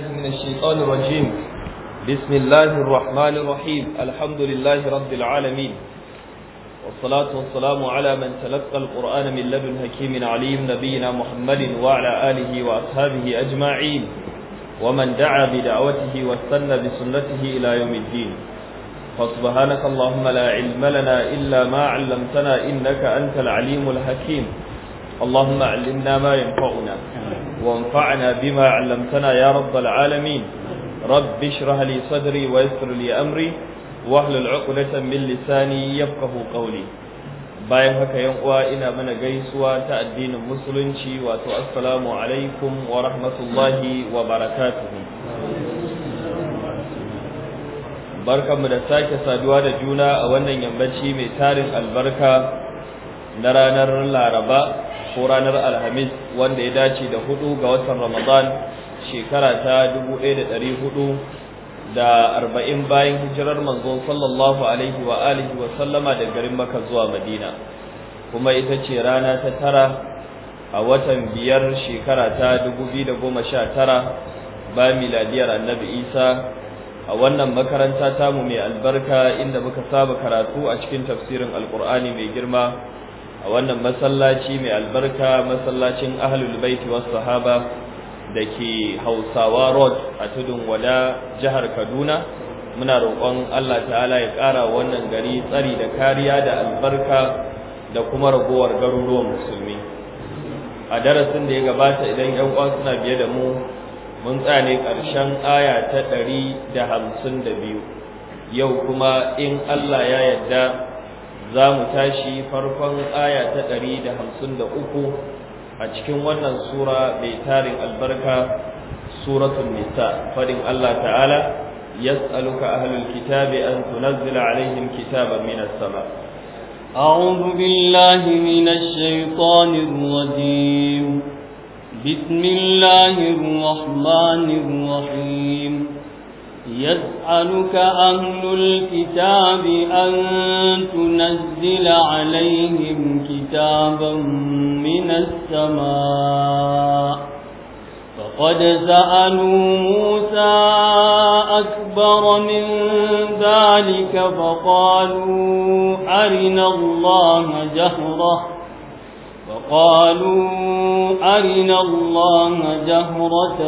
من الشيطان الرجيم بسم الله الرحمن الرحيم الحمد لله رب العالمين والصلاة والسلام على من تلقى القرآن من لدن حكيم عليم نبينا محمد وعلى آله وأصحابه أجمعين ومن دعا بدعوته واستنى بسنته إلى يوم الدين فسبحانك اللهم لا علم لنا إلا ما علمتنا إنك أنت العليم الحكيم اللهم علمنا ما ينفعنا وانفعنا بما علمتنا يا رب العالمين رب اشرح لي صدري ويسر لي أمري واحلل عقدة من لساني يفقه قولي bayan haka yan uwa ina mana gaisuwa ta addinin musulunci wato assalamu alaikum wa rahmatullahi wa barakatuhu barkanmu da sake saduwa da juna a wannan yammaci mai tarin albarka na ranar laraba ko ranar alhamis wanda ya dace da hudu ga watan ramadan shekara ta 1400 da arba'in bayan hijirar manzo sallallahu alaihi wa alihi wa sallama da garin maka zuwa madina kuma ita ce rana ta tara a watan biyar shekara ta 2019 ba miladiyar annabi isa a wannan makaranta tamu mai albarka inda muka saba karatu a cikin tafsirin alkur'ani mai girma a wannan masallaci mai albarka masallacin ahlul baiti was sahaba dake Hausawa road a tudun wada jihar Kaduna muna roƙon Allah ta'ala ya ƙara wannan gari tsari da kariya da albarka da kuma ragowar garuruwan musulmi a darasin da ya gabata idan ƴan uwa suna biye da mu mun tsane ƙarshen aya ta ɗari da hamsin da biyu, yau kuma in Allah ya yarda za mu tashi farkon aya ta ɗari da hamsin da uku a cikin wannan sura mai tarin albarka suratul nisa fadin Allah ta'ala yas'aluka ahlul kitabi an tunzila alaihim kitaban minas sama أعوذ بالله من الشيطان الرجيم بسم الله يسألك أهل الكتاب أن تنزل عليهم كتابا من السماء فقد سألوا موسى أكبر من ذلك فقالوا أرنا الله جهرة فقالوا أرنا الله جهرة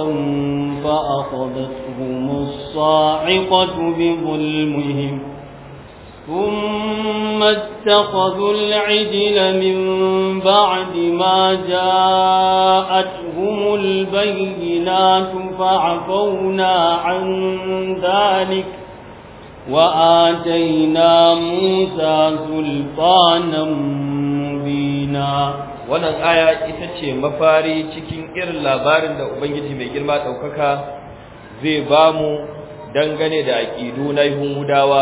فأخذتهم الصاعقة بظلمهم ثم اتخذوا العجل من بعد ما جاءتهم البينات فعفونا عن ذلك وآتينا موسى سلطانا مبينا wannan aya ita ce mafari cikin irin labarin da Ubangiji mai girma ɗaukaka zai bamu dangane da aqidu na Yahudawa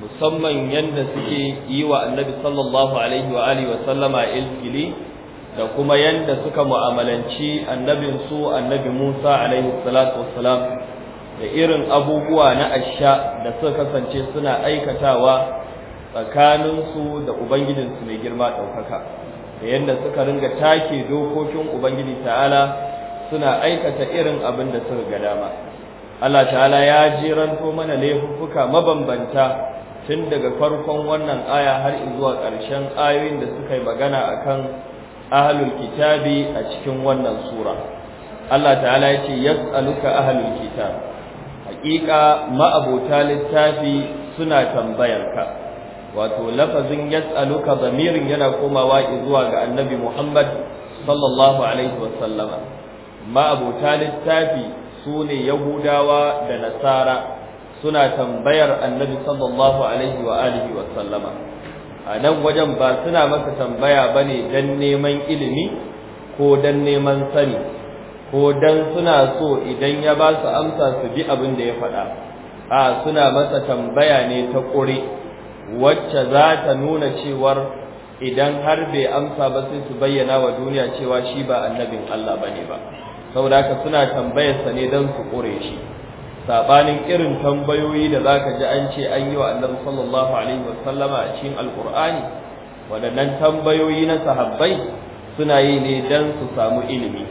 musamman yanda suke yi wa Annabi sallallahu alaihi wa alihi wa sallama ilkili da kuma yanda suka mu'amalanci annabin su Annabi Musa alaihi salatu wassalam da irin abubuwa na asha da suka kasance suna aikatawa tsakaninsu da Ubangijinsu mai girma ɗaukaka da yanda suka ringa take dokokin Ubangiji ta'ala suna aikata irin abin da suka ga dama Allah ta'ala ya jiranto mana laifuffuka mabambanta tun daga farkon wannan aya har zuwa ƙarshen ayoyin da suka yi magana akan ahlul kitabi a cikin wannan sura Allah ta'ala ya ce yas'aluka ahlul kitab haƙiƙa ma'abota littafi suna tambayarka wato lafazin yas'aluka zamirin yana komawa zuwa ga annabi Muhammad sallallahu alaihi wa sallama ma'abota littafi su ne yahudawa da nasara suna tambayar annabi sallallahu alaihi wa alihi wa sallama a nan wajen ba suna masa tambaya bane dan neman ilimi ko dan neman sani ko dan suna so idan ya ba su amsa su bi abin da ya faɗa a suna masa tambaya ne ta ƙuri wacce za ta nuna cewar idan har bai amsa ba sai su bayyana wa duniya cewa shi ba annabin Allah bane ba saboda haka suna tambayarsa ne don su kore shi sabanin irin tambayoyi da zaka ji an ce an yi wa annabi sallallahu alaihi wasallama a cikin alqur'ani waɗannan tambayoyi na sahabbai suna yi ne don su samu ilimi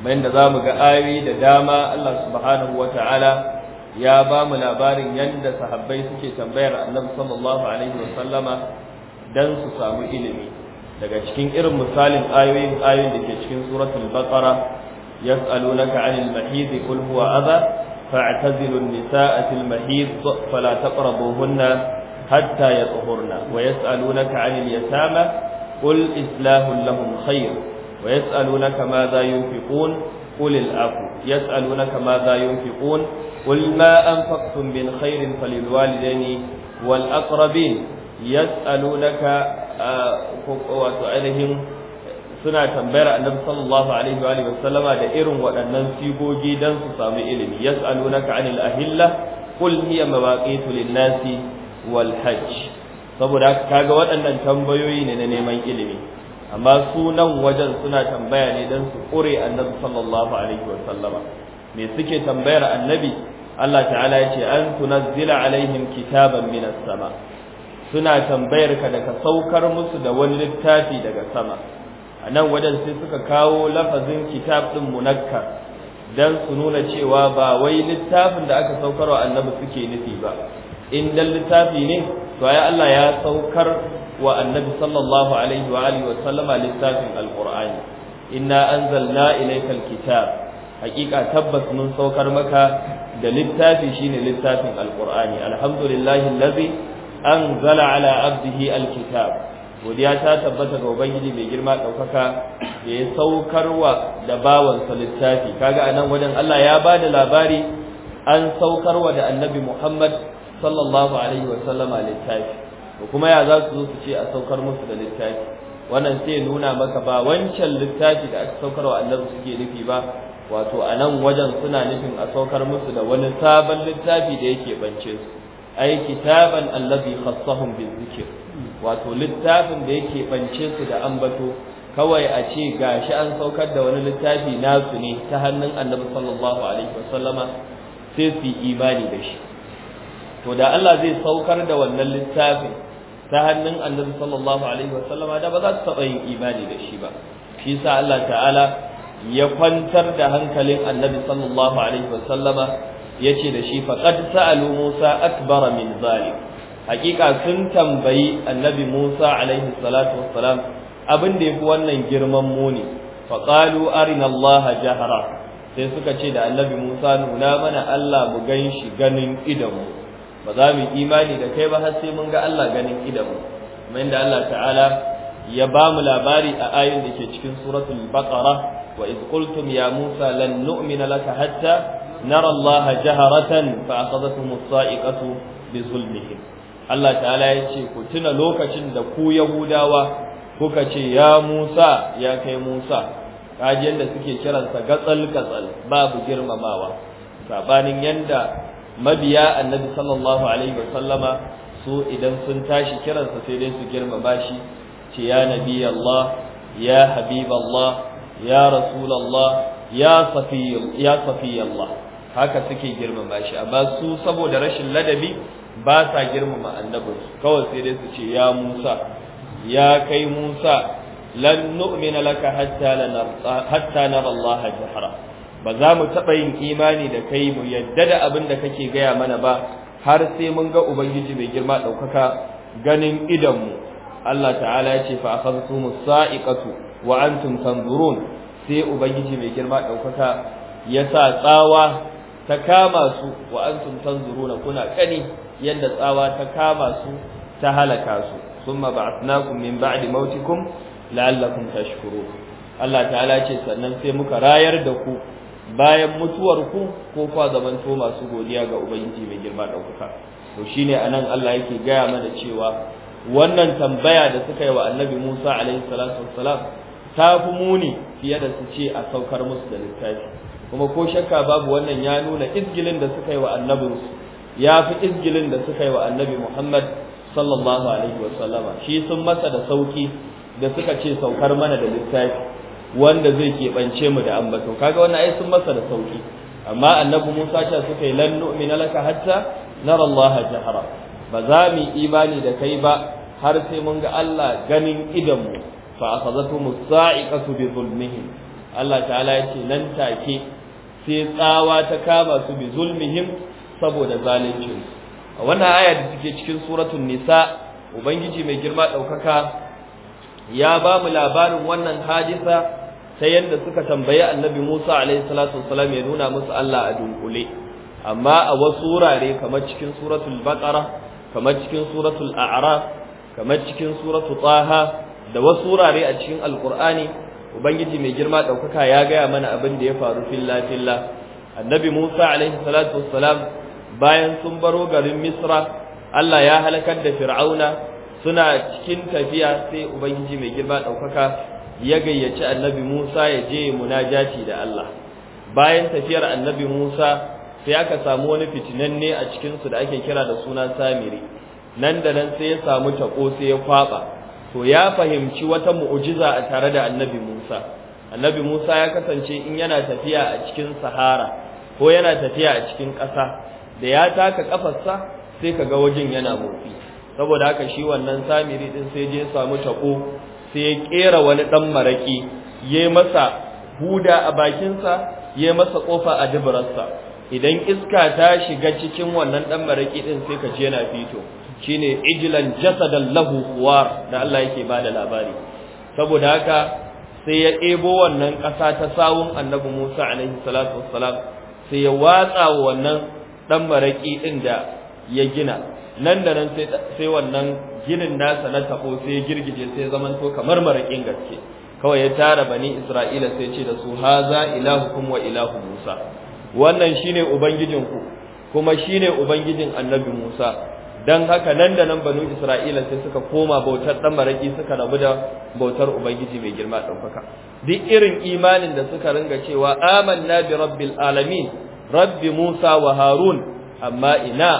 bayan da zamu ga ayoyi da dama Allah subhanahu wataala ya ba mu labarin yadda sahabbai suke tambayar annabi sallallahu alaihi wasallama don su samu ilimi daga cikin irin misalin ayoyin ayoyin da ke cikin suratul baqara يسألونك عن المحيض قل هو أذى فاعتزلوا النساء في المحيض فلا تقربوهن حتى يطهرن ويسألونك عن اليتامى قل إسلاه لهم خير ويسألونك ماذا ينفقون قل العفو يسألونك ماذا ينفقون قل ما أنفقتم من خير فللوالدين والأقربين يسألونك آه وسؤالهم suna tambayar annabi sallallahu alaihi wa sallama da irin waɗannan sigogi dan su samu ilimi yas'alunaka anil ahilla qul hiya mawaqitu lin-nasi wal hajj saboda kaga waɗannan tambayoyi ne na neman ilimi amma su nan wajen suna tambaya ne dan su kure annabi sallallahu alaihi wa sallama me suke tambayar annabi Allah ta'ala ya ce an tunazzila alaihim kitaban minas sama suna tambayar ka da ka saukar musu da wani littafi daga sama a nan wajen sai suka kawo lafazin kitab ɗin munakkar don su nuna cewa ba wai littafin da aka saukar wa annabi suke nufi ba in dan littafi ne to ya Allah ya saukar wa annabi sallallahu alaihi wa alihi wa sallama littafin alqur'ani inna anzalna ilaykal kitab Hakika tabbas mun saukar maka da littafi shine littafin alqur'ani alhamdulillahi allazi anzala ala abdihi alkitab godiya ta tabbata ga ubangiji mai girma ɗaukaka da ya saukarwa da bawansa littafi kaga anan wajen Allah ya ba da labari an saukarwa da annabi Muhammad sallallahu alaihi wa sallama littafi ko kuma ya za su zo su ce a saukar musu da littafi wannan sai nuna maka ba wancan littafi da aka saukarwa annabi suke nufi ba wato anan wajen suna nufin a saukar musu da wani sabon littafi da yake bance su ai kitaban allazi khassahum bizikr wato littafin da yake bance su da ambato kawai a ce gashi an saukar da wani littafi nasu ne ta hannun annabi sallallahu alaihi wasallama sai su yi imani da shi to da Allah zai saukar da wannan littafin ta hannun annabi sallallahu alaihi wasallama da ba za su taɓa yin imani da shi ba shi sa Allah ta'ala ya kwantar da hankalin annabi sallallahu alaihi wasallama yace da shi faqad sa'alu Musa akbara min zalik hakika sun tambayi annabi Musa alaihi salatu wassalam abin da yafi wannan girman muni fa qalu arina Allah jahara sai suka ce da annabi Musa nuna mana Allah mu gan shi ganin idanmu ba za mu imani da kai ba har sai mun ga Allah ganin idanmu kuma inda Allah ta'ala ya ba mu labari a ayin da ke cikin suratul baqara wa iz qultum ya Musa lan nu'mina laka hatta nara Allah jaharatan fa akhadathum as-sa'iqatu bi zulmihim Allah ta'ala ya ce ku tuna lokacin da ku Yahudawa kuka ce ya Musa ya kai Musa kaji yadda suke kiransa gatsal gatsal babu girmamawa sabanin yanda mabiya annabi sallallahu alaihi wa sallama, su idan sun tashi kiransa sai dai su girmama shi ce ya nabi Allah ya habib Allah ya rasul Allah ya safi ya safi Allah haka suke girmama shi amma su saboda rashin ladabi ba sa girmama annabin kawai sai dai su ce ya Musa ya kai Musa lan nu'mina laka hatta lanarta hatta nara Allah jahra ba za mu taba yin imani da kai mu yadda da abin da kake gaya mana ba har sai mun ga ubangiji mai girma daukaka ganin idan mu Allah ta'ala ya ce fa akhadhtum sa'iqatu wa antum tanzurun sai ubangiji mai girma daukaka ya sa tsawa ta kama su wa antum tanzuruna kuna kani yanda tsawa ta kama su ta halaka su summa ba'athnakum min ba'di mautikum la'allakum tashkurun Allah ta'ala ce sannan sai muka rayar da ku bayan mutuwar ku ko kwa to masu godiya ga ubangiji mai girma ɗaukaka to shine anan Allah yake gaya mana cewa wannan tambaya da suka yi wa annabi Musa alaihi salatu wassalam ta fi muni fiye da su ce a saukar musu da littafi kuma ko shakka babu wannan ya nuna izgilin da suka yi wa annabinsu ya fi izgilin da suka yi wa annabi Muhammad sallallahu alaihi wa sallama shi sun masa da sauki da suka ce saukar mana da littafi wanda zai keɓance mu da ambato kaga wannan ai sun masa da sauki amma annabi Musa ce suka yi lan nu'mina laka hatta nara Allah jahara ba za mu imani da kai ba har sai mun ga Allah ganin idanmu fa akhadathum as-sa'iqatu bi zulmihim Allah ta'ala ce nan take sai tsawa ta kama su bi zulmihim saboda zalincin a wannan aya da suke cikin suratun nisa ubangiji mai girma ɗaukaka, ya ba mu labarin wannan hadisa ta yadda suka tambayi annabi Musa alaihi salatu wassalam ya nuna musu Allah a dunkule amma a wasu wurare kamar cikin suratul baqara kamar cikin suratul a'raf kamar cikin suratul taha da wasu wurare a cikin alqur'ani ubangiji mai girma ɗaukaka ya gaya mana abin da ya faru filla filla annabi musa alaihi salatu wassalam bayan sun baro garin misra allah ya halakar da fir'auna suna cikin tafiya sai ubangiji mai girma ɗaukaka ya gayyaci annabi musa ya je munajati da allah bayan tafiyar annabi musa sai aka samu wani fitinanne a cikinsu da ake kira da sunan samiri nan da nan sai ya samu taƙo sai ya kwaɓa. to ya fahimci wata mu'ujiza a tare da annabi Musa annabi Musa ya kasance in yana tafiya a cikin sahara ko yana tafiya a cikin ƙasa da ya taka ƙafarsa sai kaga wajin yana motsi saboda haka shi wannan samiri din sai je samu tako sai ya kera wani dan maraki yayi masa huda a bakinsa yayi masa kofa a sa idan iska ta shiga cikin wannan dan maraki din sai ka je yana fito shine ijlan jasadan lahu war da Allah yake bada labari saboda haka sai ya ebo wannan kasa ta sawun annabi Musa alaihi salatu wassalam sai ya watsa wannan dan maraki din da ya gina nan da nan sai sai wannan ginin nasa na tabo sai girgije sai to kamar marakin gaske kawai ya tara bani Isra'ila sai ce da su haza ilahukum wa ilahu Musa wannan shine ubangijinku kuma shine ubangijin annabi Musa dan haka nan da nan banu isra'ila sai suka koma bautar dan maraki suka rabu da bautar ubangiji mai girma daukaka duk irin imanin da suka ringa cewa amanna bi rabbil alamin rabbi musa wa harun amma ina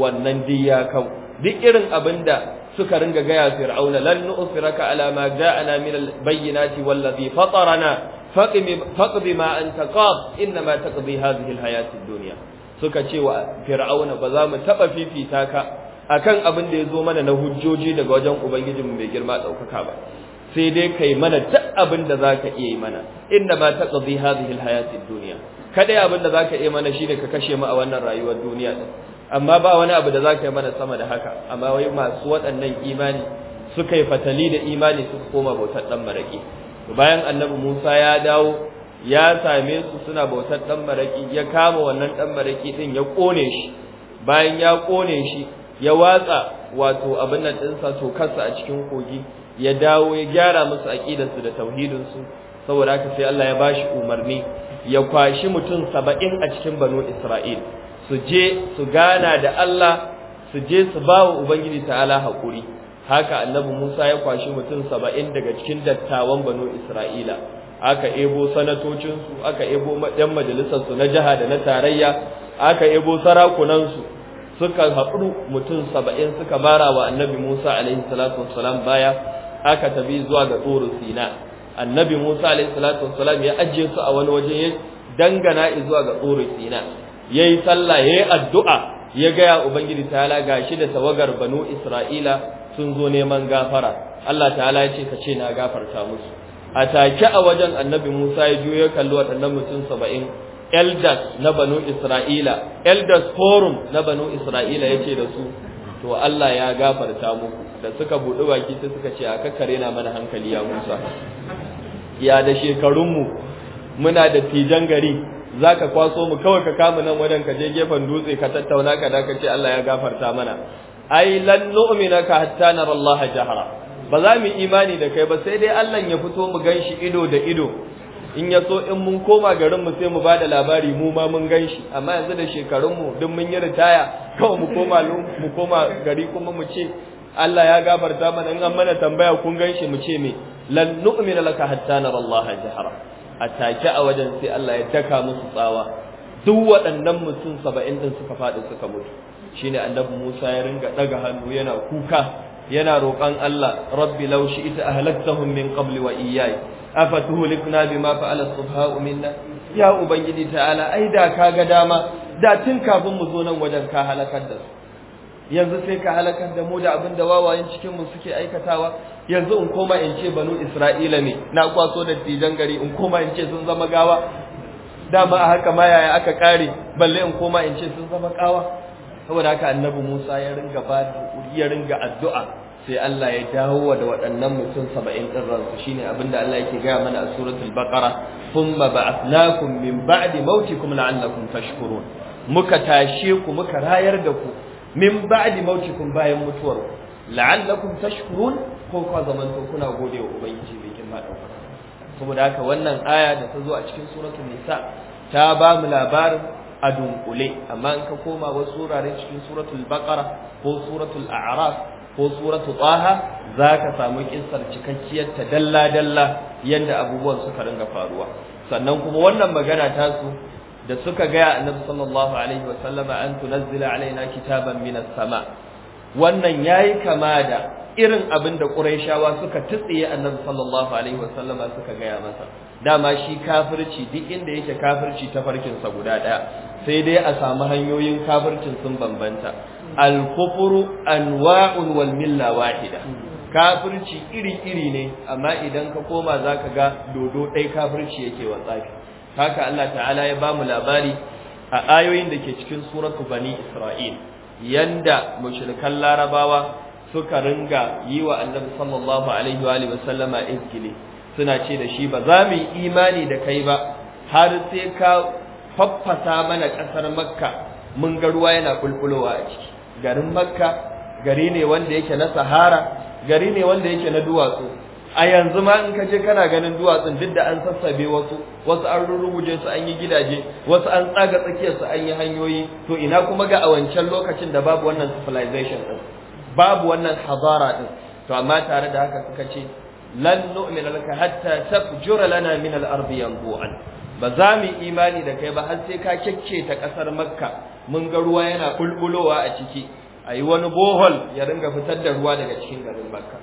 wannan ya kau duk irin abinda suka ringa gaya fir'auna lan nu'siraka ala ma ja'ana min al-bayyinati wallazi fatarana faqbi ma anta qad inma taqdi hadhihi al-hayatid dunya suka ce wa fir'auna ba za mu taba fifita ka akan abin da ya zo mana na hujjoji daga wajen ubangijinmu bai girma ɗaukaka ba sai dai kai mana duk abin da zaka iya yi mana inna ma taqdi hadhihi ad dunya kada abin da zaka iya mana shine ka kashe mu a wannan rayuwar duniya din amma ba wani abu da zaka yi mana sama da haka amma wai masu waɗannan imani suka yi fatali da imani suka koma bautar dan maraki bayan annabi Musa ya dawo ya same su suna bautar dan maraki ya kama wannan dan maraki din ya kone shi bayan ya kone shi ya watsa wato abin nan dinsa kansa a cikin kogi ya dawo ya gyara musu aqidarsu da tauhidin su saboda haka sai Allah ya bashi umarni ya kwashi mutum 70 a cikin banu Isra'il su je su gana da Allah su je su bawa ubangiji ta'ala hakuri haka annabi Musa ya kwashi mutum 70 daga cikin dattawan banu Isra'ila aka ebo sanatocinsu aka ebo yan majalisarsu na jiha da na tarayya aka ebo sarakunansu suka haɗu mutum saba'in suka bara wa annabi musa alaihi salatu wassalam baya aka tafi zuwa ga tsoro sina annabi musa alaihi salatu wassalam ya ajiye su a wani waje ya dangana zuwa ga tsoro sina ya yi sallah ya yi addu'a ya gaya ubangiji ta'ala gashi da tawagar banu isra'ila sun zo neman gafara allah ta'ala ya ce ka ce na gafarta musu a take a wajen annabi Musa ya juyo ya kalli waɗannan mutum saba'in elders na banu Isra'ila elders forum na banu Isra'ila ya ce da su to Allah ya gafarta muku da suka buɗi baki sai suka ce a kakkare na mana hankali ya Musa ya da shekarunmu muna da tijan gari za ka kwaso mu kawai ka kama nan wajen ka je gefen dutse ka tattauna ka da ka ce Allah ya gafarta mana ai lan nu'minaka hatta nara Allah jahara ba za mu imani da kai ba sai dai Allah ya fito mu ganshi ido da ido in ya so in mun koma garin mu sai mu bada labari mu ma mun ganshi amma yanzu da shekarun mu duk mun yi ritaya kawai mu koma mu koma gari kuma mu ce Allah ya gafarta mana in an mana tambaya kun ganshi mu ce me lan nu'mina laka hatta nara Allah jahara atake a wajen sai Allah ya daka musu tsawa duk waɗannan mutum 70 din suka faɗi suka mutu shine annabi Musa ya ringa daga hannu yana kuka yana roƙon Allah rabbi law shi'ta ahlaktahum min qabli wa iyyai afatuhlikna bima fa'ala subhau minna ya ubangiji ta'ala ai da ga dama da tun kafin mu zo nan wajen ka halakar da su yanzu sai ka halakar da mu da abin da wawayen cikin mu suke aikatawa yanzu in koma in ce banu isra'ila ne na kwaso da tijan gari in koma in ce sun zama gawa dama a haka ma yaya aka kare balle in koma in ce sun zama kawa saboda haka annabi Musa ya ringa ba ya ringa addu'a sai Allah ya dawo da waɗannan mutum 70 din ransu shine abinda Allah yake gaya mana a suratul baqara thumma ba'athnakum min ba'di mautikum la'allakum tashkurun muka tashe ku muka rayar da ku min ba'di mautikum bayan mutuwar ku la'allakum tashkurun ko ka zamanto kuna gode wa ubangiji mai girma daukaka saboda haka wannan aya da ta zo a cikin suratul nisa ta ba mu labarin a dunkule amma in ka koma wasu wuraren cikin suratul baqara ko suratul a'raf ko suratu tsaha za ka samu kissar cikakkiyar ta dalla-dalla yadda abubuwan suka ringa faruwa sannan kuma wannan magana ta su da suka gaya annabi sallallahu alaihi wasallama an tunazzila alaina kitaban minas sama wannan yayi kama da irin abin da quraishawa suka tsiye annabi sallallahu alaihi wasallama suka gaya masa dama shi kafirci duk inda yake kafirci ta farkin sa guda daya sai dai a samu hanyoyin kafircin sun bambanta alkufuru anwa'un wal milla wahida kafirci iri-iri ne amma idan ka koma zaka ga dodo ɗaya kafirci yake tsafi. haka Allah ta'ala ya ba mu labari a ayoyin da ke cikin suratu bani Isra'il yanda mushrikan larabawa suka ringa yi wa annabi sallallahu alaihi wa alihi wasallama izgili suna ce da shi ba za mu yi imani da kai ba har sai ka faffasa mana ƙasar makka mun ga ruwa yana bulbulowa a ciki garin makka gari ne wanda yake na sahara gari ne wanda yake na duwatsu a yanzu ma in ka je kana ganin duwatsun duk da an sassabe wasu wasu an rurrubuje su an yi gidaje wasu an tsaga tsakiyar su an yi hanyoyi to ina kuma ga a wancan lokacin da babu wannan civilization din babu wannan hazara din to amma tare da haka suka ce lan nu'mina laka hatta tafjura lana min al-ardi yanbu'an ba za mu imani da kai ba har sai ka kekke ta ƙasar makka mun ga ruwa yana bulbulowa a ciki ayi wani bohol ya ringa fitar da ruwa daga cikin garin makka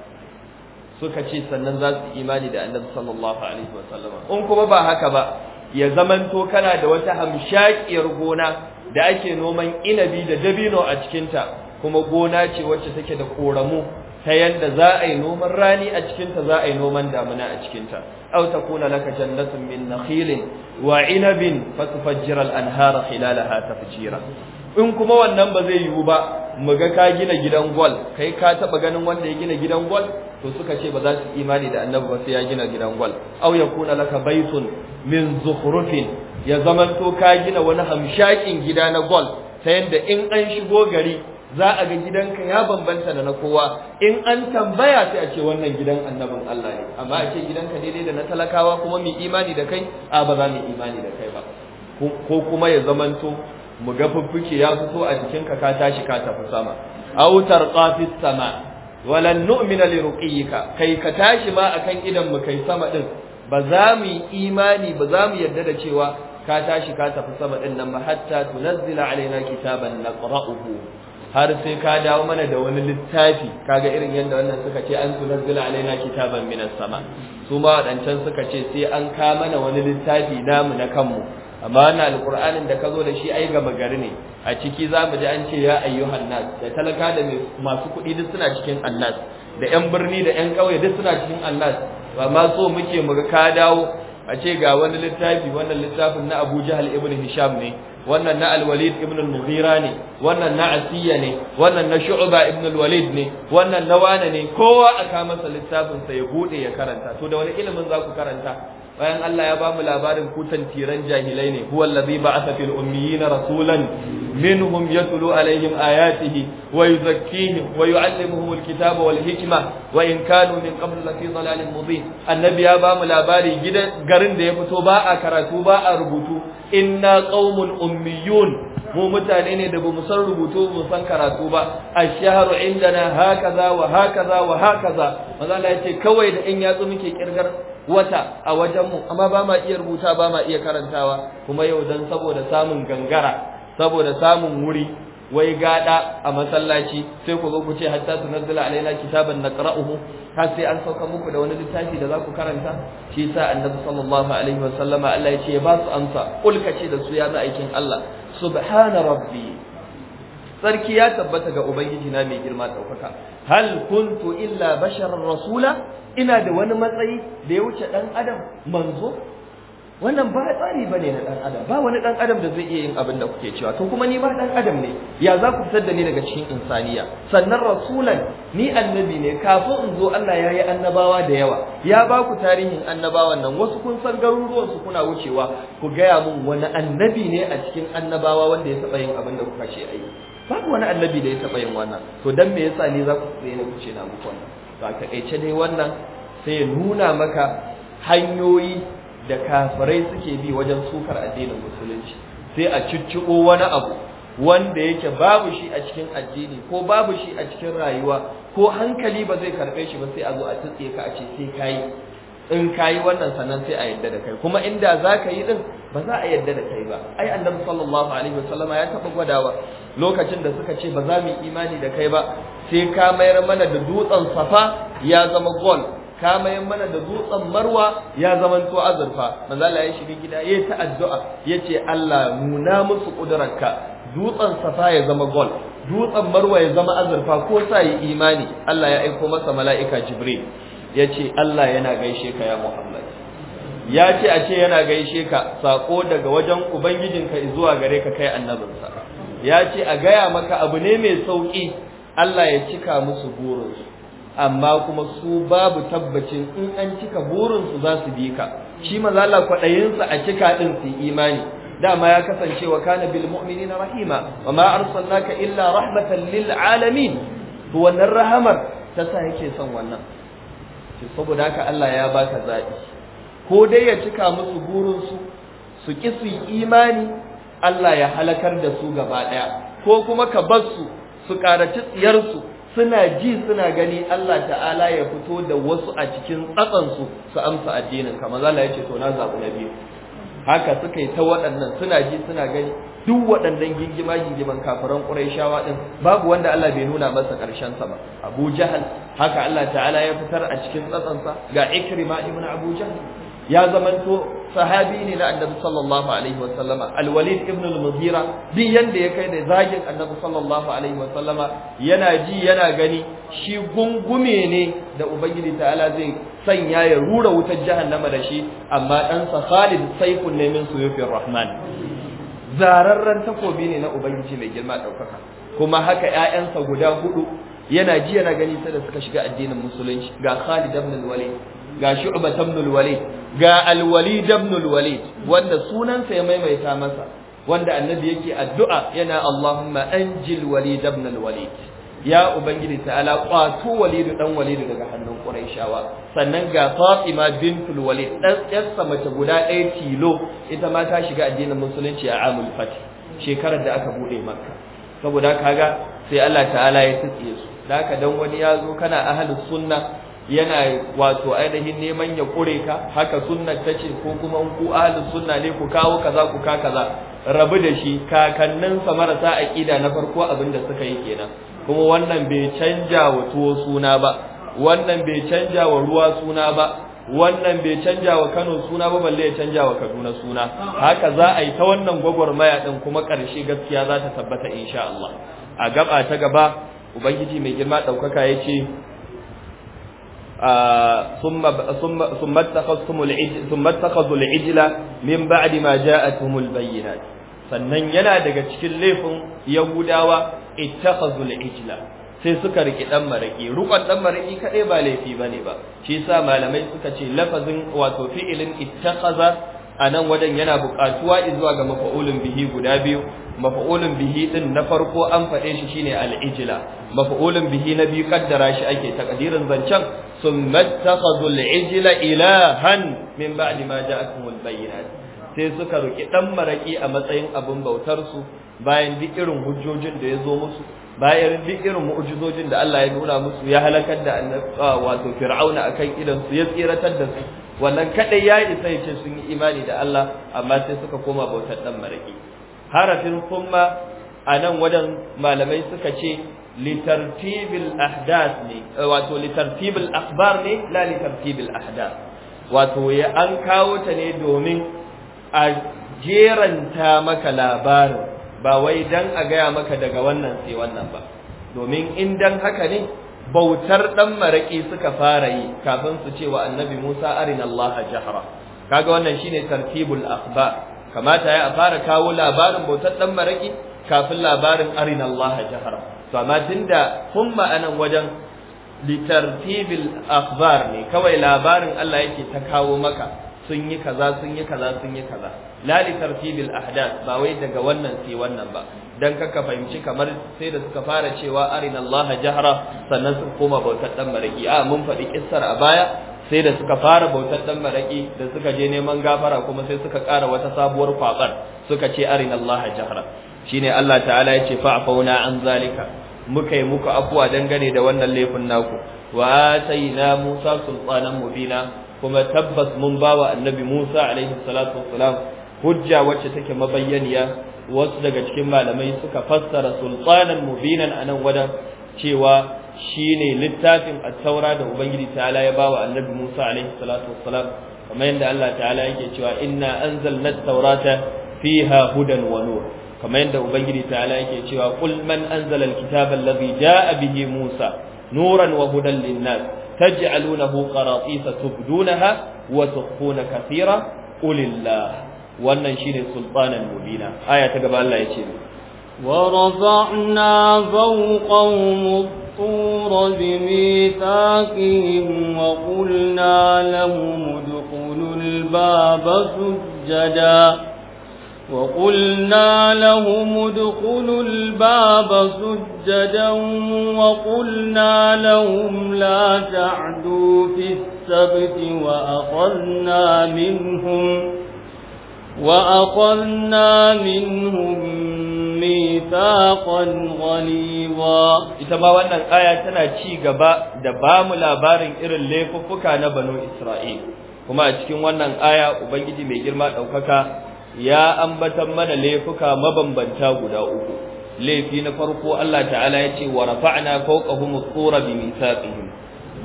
suka ce sannan za su imani da annabi sallallahu alaihi wasallam in kuma ba haka ba ya zamanto kana da wata hamshakiyar gona da ake noman inabi da dabino a cikinta kuma gona ce wacce take da koramu ta yanda za a yi noman rani a cikinta za a yi noman damuna a cikinta aw takuna laka jannatun min nakhilin wa inabin fatufajjir al-anhara in kuma wannan ba zai yiwu ba mu ga ka gina gidan gwal kai ka taba ganin wanda ya gina gidan gwal, to suka ce ba za su imani da annabi ba sai ya gina gidan gwal. aw yakuna laka baitun min zukhrufin ya zaman to ka gina wani hamshakin gida na gwal ta yanda in an shigo gari za a ga gidanka ya bambanta da na kowa in an tambaya sai a ce wannan gidan annabin Allah ne amma a ce gidanka daidai da na talakawa kuma mu imani da kai a ba za mu imani da kai ba ko kuma ya zamanto mu ga fuffuke ya fito a jikinka ka tashi ka tafi sama aw tarqafis sama walan nu'mina li ruqiyika kai ka tashi ma akan idan mu kai sama din ba za mu imani ba za mu yarda da cewa ka tashi ka tafi sama din nan ma hatta tunazzila alaina kitaban naqra'uhu har sai ka dawo mana da wani littafi kaga irin yadda wannan suka ce an tunazzila alaina kitaban minas sama su ma wadancan suka ce sai an ka mana wani littafi namu na kanmu amma wannan alqur'anin da ka zo da shi ai gama gari ne a ciki za mu ji an ce ya ayyuhan nas da talaka da masu kuɗi duk suna cikin annas da yan birni da yan ƙauye duk suna cikin annas amma so muke mu ka dawo a ce ga wani littafi wannan littafin na Abuja Jahal ibn Hisham ne wannan na al-walid ibn al-mughira ne wannan na asiya ne wannan na shu'ba ibn al-walid ne wannan na wane ne kowa a ka masa littafin sa ya bude ya karanta to da wani ilimin za ku karanta bayan Allah ya ba mu labarin kutan tiran jahilai ne huwa allazi ba'atha fil ummiyina rasulan منهم يتلو عليهم آياته ويزكيهم ويعلمهم الكتاب والحكمة وإن كانوا من قبل لفي ضلال مبين النبي أبا ملاباري جدا قرن دي فتوباء كراتوباء ربوتو إنا قوم أميون mu mutane ne da bamu san rubutu mu san karatu ba ash-shahru indana hakaza wa hakaza wa maza kawai da in yatsu muke kirgar wata a wajen amma ba ma iya rubuta ba ma iya karantawa kuma yau dan saboda samun gangara saboda samun wuri wai gada a masallaci sai ku zo ku ce hatta tunazzala alaina kitaban naqra'uhu har sai an sauka muku da wani littafi da za ku karanta shi yasa annabi sallallahu alaihi wa sallama Allah ya ce ba su amsa kulka ce da su ya na aikin Allah subhana rabbi sarki ya tabbata ga ubangiji na mai girma daukaka hal kuntu illa basharar rasula ina da wani matsayi da ya wuce dan adam manzo wannan ba tsari bane na dan adam ba wani dan adam da zai iya yin abin da kuke cewa to kuma ni ba dan adam ne ya za ku fitar da ni daga cikin insaniya sannan rasulan ni annabi ne kafin in zo Allah ya yi annabawa da yawa ya ba ku tarihin annabawan nan wasu kun san garuruwan su kuna wucewa ku gaya mun wani annabi ne a cikin annabawa wanda ya taba yin abin da kuka ce a Ba babu wani annabi da ya taba yin wannan to dan me yasa ni za ku tsaye na ku ce na muku wannan to a dai wannan sai ya nuna maka hanyoyi da kafirai suke bi wajen sukar addinin musulunci sai a cicciko wani abu wanda yake babu shi a cikin addini ko babu shi a cikin rayuwa ko hankali ba zai karɓe shi ba sai a zo a tsitse ka a ce sai kayi in kayi wannan sannan sai a yadda da kai kuma inda za ka yi din ba za a yadda da kai ba ai annabi sallallahu alaihi wasallam ya taɓa gwadawa lokacin da suka ce ba za mu imani da kai ba sai ka mayar mana da dutsen safa ya zama gol ta mayan mana da dutsen marwa ya zamanto azurfa manzo Allah ya shiga gida yayi ta addu'a yace Allah nuna musu kudurarka dutsen safa ya zama gol dutsen marwa ya zama azurfa ko sa yi imani Allah ya aiko masa mala'ika jibril yace Allah yana gaishe ka ya Muhammad ya ce a ce yana gaishe ka sako daga wajen ubangijinka zuwa gare ka kai annabinsa ya ce a gaya maka abu ne mai sauki Allah ya cika musu burinsu amma kuma su babu tabbacin in an cika burinsu za su bi ka shi mazala kwaɗayinsa a cika ɗin su imani dama ya kasance wa kana bil mu'minina rahima wa ma arsalnaka illa rahmatan lil alamin to wannan rahamar ta sa yake son wannan saboda haka Allah ya baka zaɓi. ko dai ya cika musu burinsu su ki imani Allah ya halakar da su gaba ɗaya ko kuma ka bar su su ƙaraci tsiyarsu suna ji suna gani Allah ta'ala ya fito da wasu a cikin tsatsansu su amsa addinin kamar zala ya ce to na zaɓi na biyu haka suka yi ta waɗannan suna ji suna gani duk waɗannan gingima gingiman kafiran shawa ɗin babu wanda Allah bai nuna masa ƙarshen sa ba Abu Jahal haka Allah ta'ala ya fitar a cikin tsatsansa ga Ikrima ibn Abu Jahal ya zamanto sahabi ne na annabi sallallahu alaihi wa sallama al-walid ibn al-mughira din yanda ya kai da zagin annabi sallallahu alaihi wa sallama yana ji yana gani shi gungume ne da ubangiji ta'ala zai sanya ya rura wutar jahannama da shi amma dan sa Khalid saifun ne min suyufir rahman zararren takobi ne na ubangiji mai girma daukaka kuma haka ƴaƴansa guda hudu yana ji yana gani sai da suka shiga addinin musulunci ga Khalid ibn al-Walid ga Shu'ba ibn al-Walid ga al-Walid ibn al-Walid wanda sunansa ya maimaita masa wanda annabi yake addu'a yana Allahumma anjil Walid ibn al-Walid ya ubangiji ta'ala kwato Walid dan Walid daga hannun Quraishawa sannan ga Fatima al Walid dan yarsa mace guda ɗaya tilo ita ma ta shiga addinin musulunci a amul fati shekarar da aka bude Makka saboda kaga sai Allah ta'ala ya tsiye su da haka dan wani ya zo kana ahlus sunna yana wato ainihin neman ya kure ka haka sunna ta ce ko kuma in ku ahlus sunna ne ku kawo kaza ku ka kaza rabu da shi kakanninsa marasa aqida na farko abin da suka yi kenan kuma wannan bai canja wa tuwo suna ba wannan bai canja wa ruwa suna ba wannan bai canja wa Kano suna ba balle ya canja wa Kaduna suna haka za a yi ta wannan gwagwarmaya din kuma ƙarshe gaskiya za ta tabbata insha Allah a gaba ta gaba ubangiji mai girma daukaka yace ثم ثم ثم اتخذتم العجل اتخذوا العجل من بعد ما جاءتهم البينات sannan yana daga cikin laifin yahudawa ittakhazul ijla sai suka riki dan maraki Ruƙon dan maraki kadai ba laifi bane ba shi yasa malamai suka ce lafazin wato fi'ilin ittakhaza anan nan wajen yana buƙatuwa izuwa ga mafa'ulun bihi guda biyu mafa'ulun bihi din na farko an faɗe shi shine al-ijla mafa'ulun bihi na biyu kaddara shi ake taqdirin zancen summa takhadhu al-ijla ilahan min ba'di ma ja'akum al-bayyinat sai suka roki dan maraki a matsayin abun bautar su bayan duk irin hujjojin da ya zo musu bayan duk irin mu'jizojin da Allah ya nuna musu ya halakar da wato fir'auna akan idan su ya tsiratar da su wannan kadai ya isa ya ce sun yi imani da Allah amma sai suka koma bautar dan maraki harafin kuma a nan wajen malamai suka ce litartibil ahdath ne wato litartibil akhbar ne la litartibil ahdath wato ya an kawo ta ne domin a jeranta maka labarin ba wai dan a gaya maka daga wannan sai wannan ba domin in dan haka ne bautar dan maraki suka fara yi kafin su ce wa annabi Musa arinallaha jahra kaga wannan shine tartibul akhbar kamata ya fara kawo labarin bautar dan maraki kafin labarin arinallaha jahra to amma tunda humma anan wajen litartibil akhbar ne kawai labarin Allah yake ta kawo maka sun yi kaza sun yi kaza sun yi kaza la li tartibil ahdath ba wai daga wannan sai wannan ba dan kaka fahimci kamar sai da suka fara cewa arina Allah jahra sannan su koma bautar dan maraki a mun faɗi kissar a baya sai da suka fara bautar dan maraki da suka je neman gafara kuma sai suka ƙara wata sabuwar kwabar suka ce arina Allah jahra shine Allah ta'ala ya ce fa'fauna an zalika muka yi muku afuwa dangane da wannan laifin naku wa atayna Musa sultanan mubina kuma tabbas mun bawa annabi Musa alaihi salatu wassalam hujja wacce take mabayyaniya wasu daga cikin malamai suka fassara sultanan mubinan anan wadan cewa shine littafin at-taura da ubangiji ta'ala ya bawa annabi Musa alaihi salatu wassalam kamar yadda Allah ta'ala yake cewa inna anzalna at-taurata fiha hudan wa nur yadda ubangiji ta'ala yake cewa qul man anzala al-kitaba alladhi ja'a bihi Musa nuran wa hudan lin-nas تجعلونه قراطيس تبدونها وتخفون كثيرا قل الله وأن شيء سلطان mubina آية تقبل الله يشير ورفعنا فوقهم الطور بميثاقهم وقلنا لهم ادخلوا الباب سجدا وقلنا لهم ادخلوا الباب سجدا وقلنا لهم لا تعدوا في السبت وأخذنا منهم وأخذنا منهم mithaqan ghaliza ita ma wannan aya tana ci gaba da bamu labarin irin laifuffuka na banu Isra'il kuma a cikin wannan aya ubangiji mai girma ɗaukaka. ya ambatan mana laifuka mabambanta guda uku laifi na farko Allah ta'ala ya ce wa rafa'na fawqahum as-sura bi mithaqihim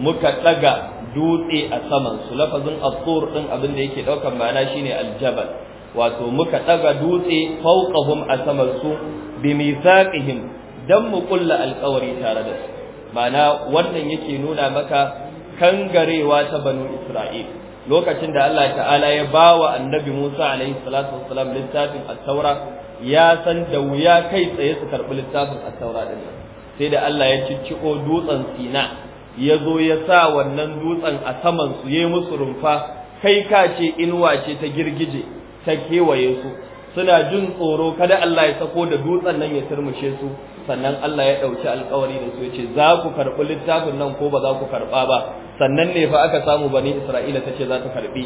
muka daga dutse a saman su lafazin as-sur din abin da yake daukan ma'ana shine al-jabal wato muka daga dutse fawqahum a saman su bi mithaqihim dan mu kulla alƙawari tare da su ma'ana wannan yake nuna maka kangarewa ta banu Isra'il lokacin da Allah ta'ala ya ba wa annabi Musa alaihi salatu wassalam littafin at-taura ya san da wuya kai tsaye su karbi littafin at-taura din sai da Allah ya cicciko dutsen Sina ya zo ya sa wannan dutsen a saman su yayi musu rumfa kai ka ce inuwa ce ta girgije ta kewaye su suna jin tsoro kada Allah ya sako da dutsen nan ya turmushe su sannan Allah ya ɗauki alkawari da su ya ce za ku karɓi littafin nan ko ba za ku karɓa ba sannan ne fa aka samu bani isra'ila ce za ta karbi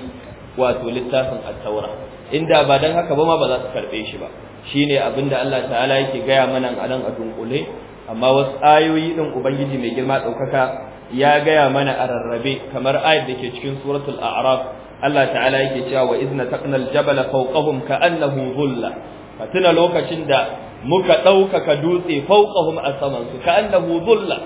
wato littafin at-taura inda ba dan haka ba ma ba za su karbe shi ba shine abinda Allah ta'ala yake gaya mana a nan a dunkule amma wasu ayoyi din ubangiji mai girma daukaka ya gaya mana a rarrabe kamar ayat da ke cikin suratul a'raf Allah ta'ala yake cewa wa izna taqnal jabala fawqahum ka'annahu dhulla fatina lokacin da muka ɗaukaka dutse fawqahum a saman su ka'annahu dhulla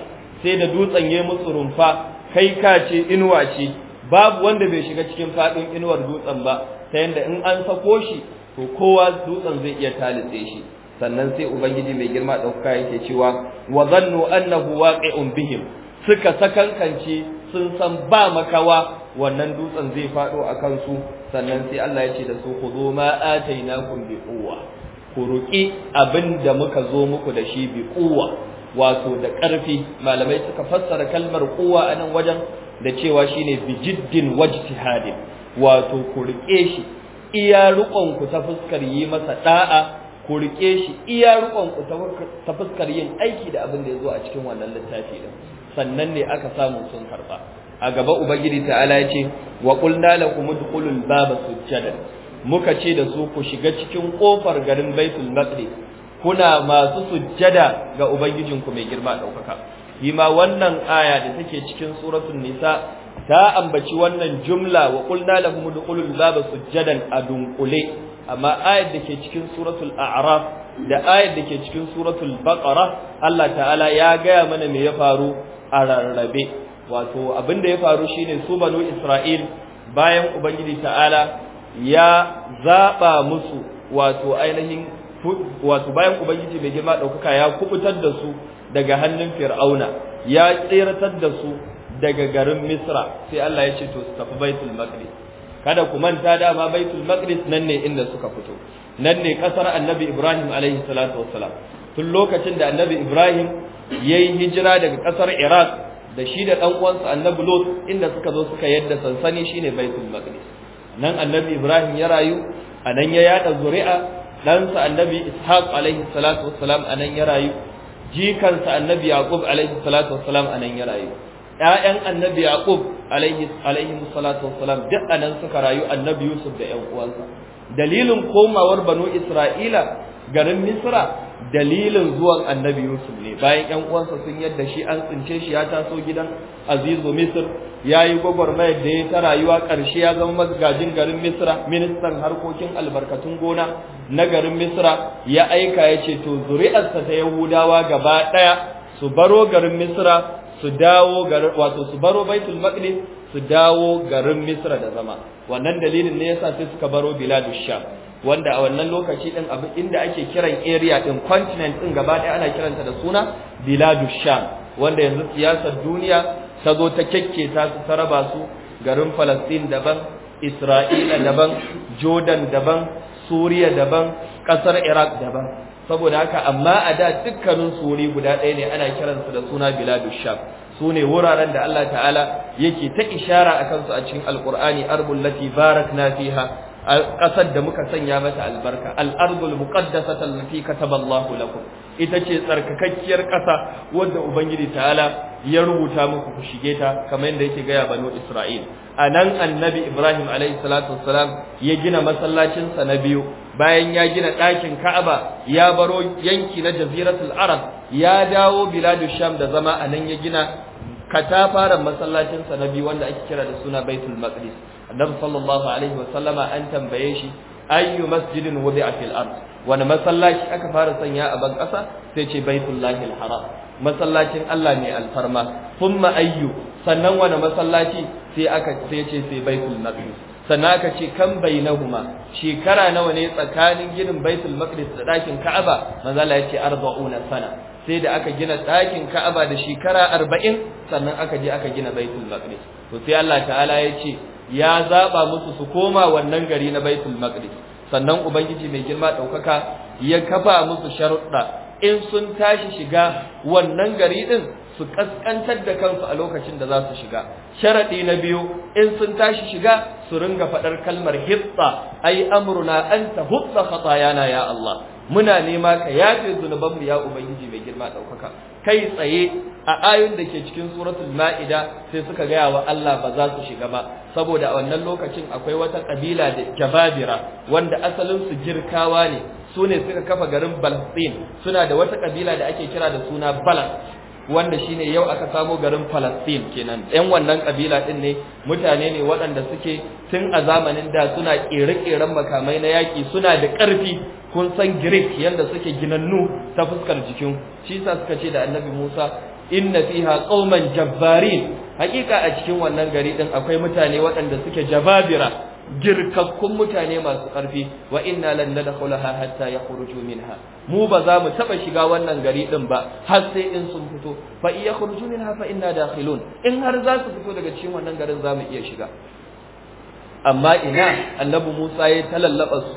sai da dutsen yayi musu rumfa kai ka ce inuwa ce babu wanda bai shiga cikin faɗin inuwar dutsen ba ta yanda in an sako shi to kowa dutsen zai iya talitse shi sannan sai ubangiji mai girma ɗauka yake cewa wa zannu annahu waqi'un bihim suka sakankance sun san ba makawa wannan dutsen zai faɗo a kansu sannan sai Allah ya ce da su ku zo ma atainakum bi quwwa ku ruki abinda muka zo muku da shi bi quwwa wato da ƙarfi malamai suka fassara kalmar kowa a nan wajen da cewa shine bijiddin wajtihadin wato ku rike shi iya ta fuskar yi masa da'a ku rike shi iya ta fuskar yin aiki da abin da ya zo a cikin wannan littafi din sannan ne aka samu sun karɓa. a gaba ubangiji ta'ala ya ce wa qulna lakum udkhulul baba sujjadan muka ce da su ku shiga cikin kofar garin baitul maqdis kuna masu sujjada ga ubangijinku mai girma ɗaukaka shi ma wannan aya da take cikin suratun nisa ta ambaci wannan jumla wa qulna lahum udkhulul baba sujjadan adunkule amma ayat da ke cikin suratul a'raf da ayat da ke cikin suratul baqara Allah ta'ala ya gaya mana me ya faru a rarrabe wato abin da ya faru shine su banu Isra'il bayan ubangiji ta'ala ya zaba musu wato ainihin wato bayan ubangiji mai girma ɗaukaka ya kubutar da su daga hannun fir'auna ya tsiratar da su daga garin misra sai Allah ya ce to su tafi baitul maqdis kada ku manta da ma baitul maqdis nan ne inda suka fito nan ne kasar annabi ibrahim alaihi salatu wassalam tun lokacin da annabi ibrahim yayi hijira daga kasar iraq da shi da dan uwansa annabi lot inda suka zo suka yadda sansani shine baitul maqdis nan annabi ibrahim ya rayu a nan ya yada zuri'a ɗansa annabi ishaq alaihi salatu wassalam a nan ya rayu jikansa annabi yaqub alaihi salatu wassalam a nan ya rayu ƴaƴan annabi yaqub alaihi alaihi salatu wassalam duk a nan suka rayu annabi yusuf da ƴan uwansa dalilin komawar banu isra'ila garin misra dalilin zuwan annabi Yusuf ne bayan ƴan uwansa sun yadda shi an tsince shi ya taso gidan Azizu Misr ya yi gwagwarmayar da ya ta rayuwa ƙarshe ya zama magajin garin Misra ministan harkokin albarkatun gona na garin Misra ya aika ya ce to zuri'arsa ta Yahudawa gaba ɗaya su baro garin Misra su dawo garin wato su baro Baitul Maqdis su dawo garin Misra da zama wannan dalilin ne yasa sai suka baro Biladush Sham wanda a wannan lokaci din abin inda ake kiran area din continent din gaba ɗaya ana kiranta da suna biladu sham wanda yanzu siyasar duniya ta zo ta kekke ta su ta raba su garin Palestine daban Isra'ila daban Jordan daban Suriya daban ƙasar Iraq daban saboda haka amma a da dukkanin suri guda ɗaya ne ana su da suna biladu sham su ne wuraren da Allah ta'ala yake ta ishara a kansu a cikin alkur'ani arbul lati barakna fiha ƙasar da muka sanya mata albarka al'ardul muqaddasata allati kataballahu lakum ita ce tsarkakakkiyar ƙasa wanda ubangiji ta'ala ya rubuta muku ku shige ta kamar yadda yake gaya banu isra'il nan annabi ibrahim alayhi salatu wassalam ya gina masallacinsa na biyu bayan ya gina ɗakin ka'aba ya baro yanki na jaziratul arab ya dawo biladu sham da zama anan ya gina katafaren masallacinsa na biyu wanda ake kira da suna baitul maqdis annabi sallallahu alaihi wasallama an tambaye shi ayyu masjidin wudi'a fil ard wani masallaci aka fara sanya a ban kasa sai ce baitullahi al masallacin Allah ne alfarma thumma ayyu sannan wani masallaci sai aka sai ce sai baitul maqdis sannan aka ce kan bainahuma shekara nawa ne tsakanin ginin baitul maqdis da dakin ka'aba manzo Allah ya ce 40 sana sai da aka gina dakin ka'aba da shekara 40 sannan aka je aka gina baitul maqdis to sai Allah ta'ala ya ce ya zaba musu su koma wannan gari na Baitul Maqdis sannan ubangiji mai girma daukaka ya kafa musu sharuɗa in sun tashi shiga wannan gari din su kaskantar da kansu a lokacin da za su shiga sharadi na biyu in sun tashi shiga su ringa fadar kalmar hibba ai amruna anta hubba khatayana ya Allah muna nema ka yafe zunubanmu ya ubangiji mai girma ɗaukaka kai tsaye a ayun da ke cikin suratul ma'ida sai suka gaya wa Allah ba za su shiga ba saboda a wannan lokacin akwai wata kabila da jababira wanda asalin su girkawa ne su ne suka kafa garin Balastin suna da wata kabila da ake kira da suna Balas wanda shine yau aka samo garin Palestine kenan ɗan wannan kabila din ne mutane ne waɗanda suke tun a zamanin da suna ƙere-ƙeren makamai na yaƙi suna da ƙarfi kun san Greek yadda suke ginannu ta fuskar jikin shi sa suka ce da Annabi Musa inna fiha qauman jabbarin hakika a cikin wannan gari din akwai mutane waɗanda suke jababira girkakkun mutane masu ƙarfi wa inna lan nadkhulaha hatta yakhruju minha mu ba za mu taba shiga wannan gari din ba har sai in sun fito fa iya khruju minha fa inna dakhilun in har za su fito daga cikin wannan garin za mu iya shiga amma ina annabi Musa ya talallaba su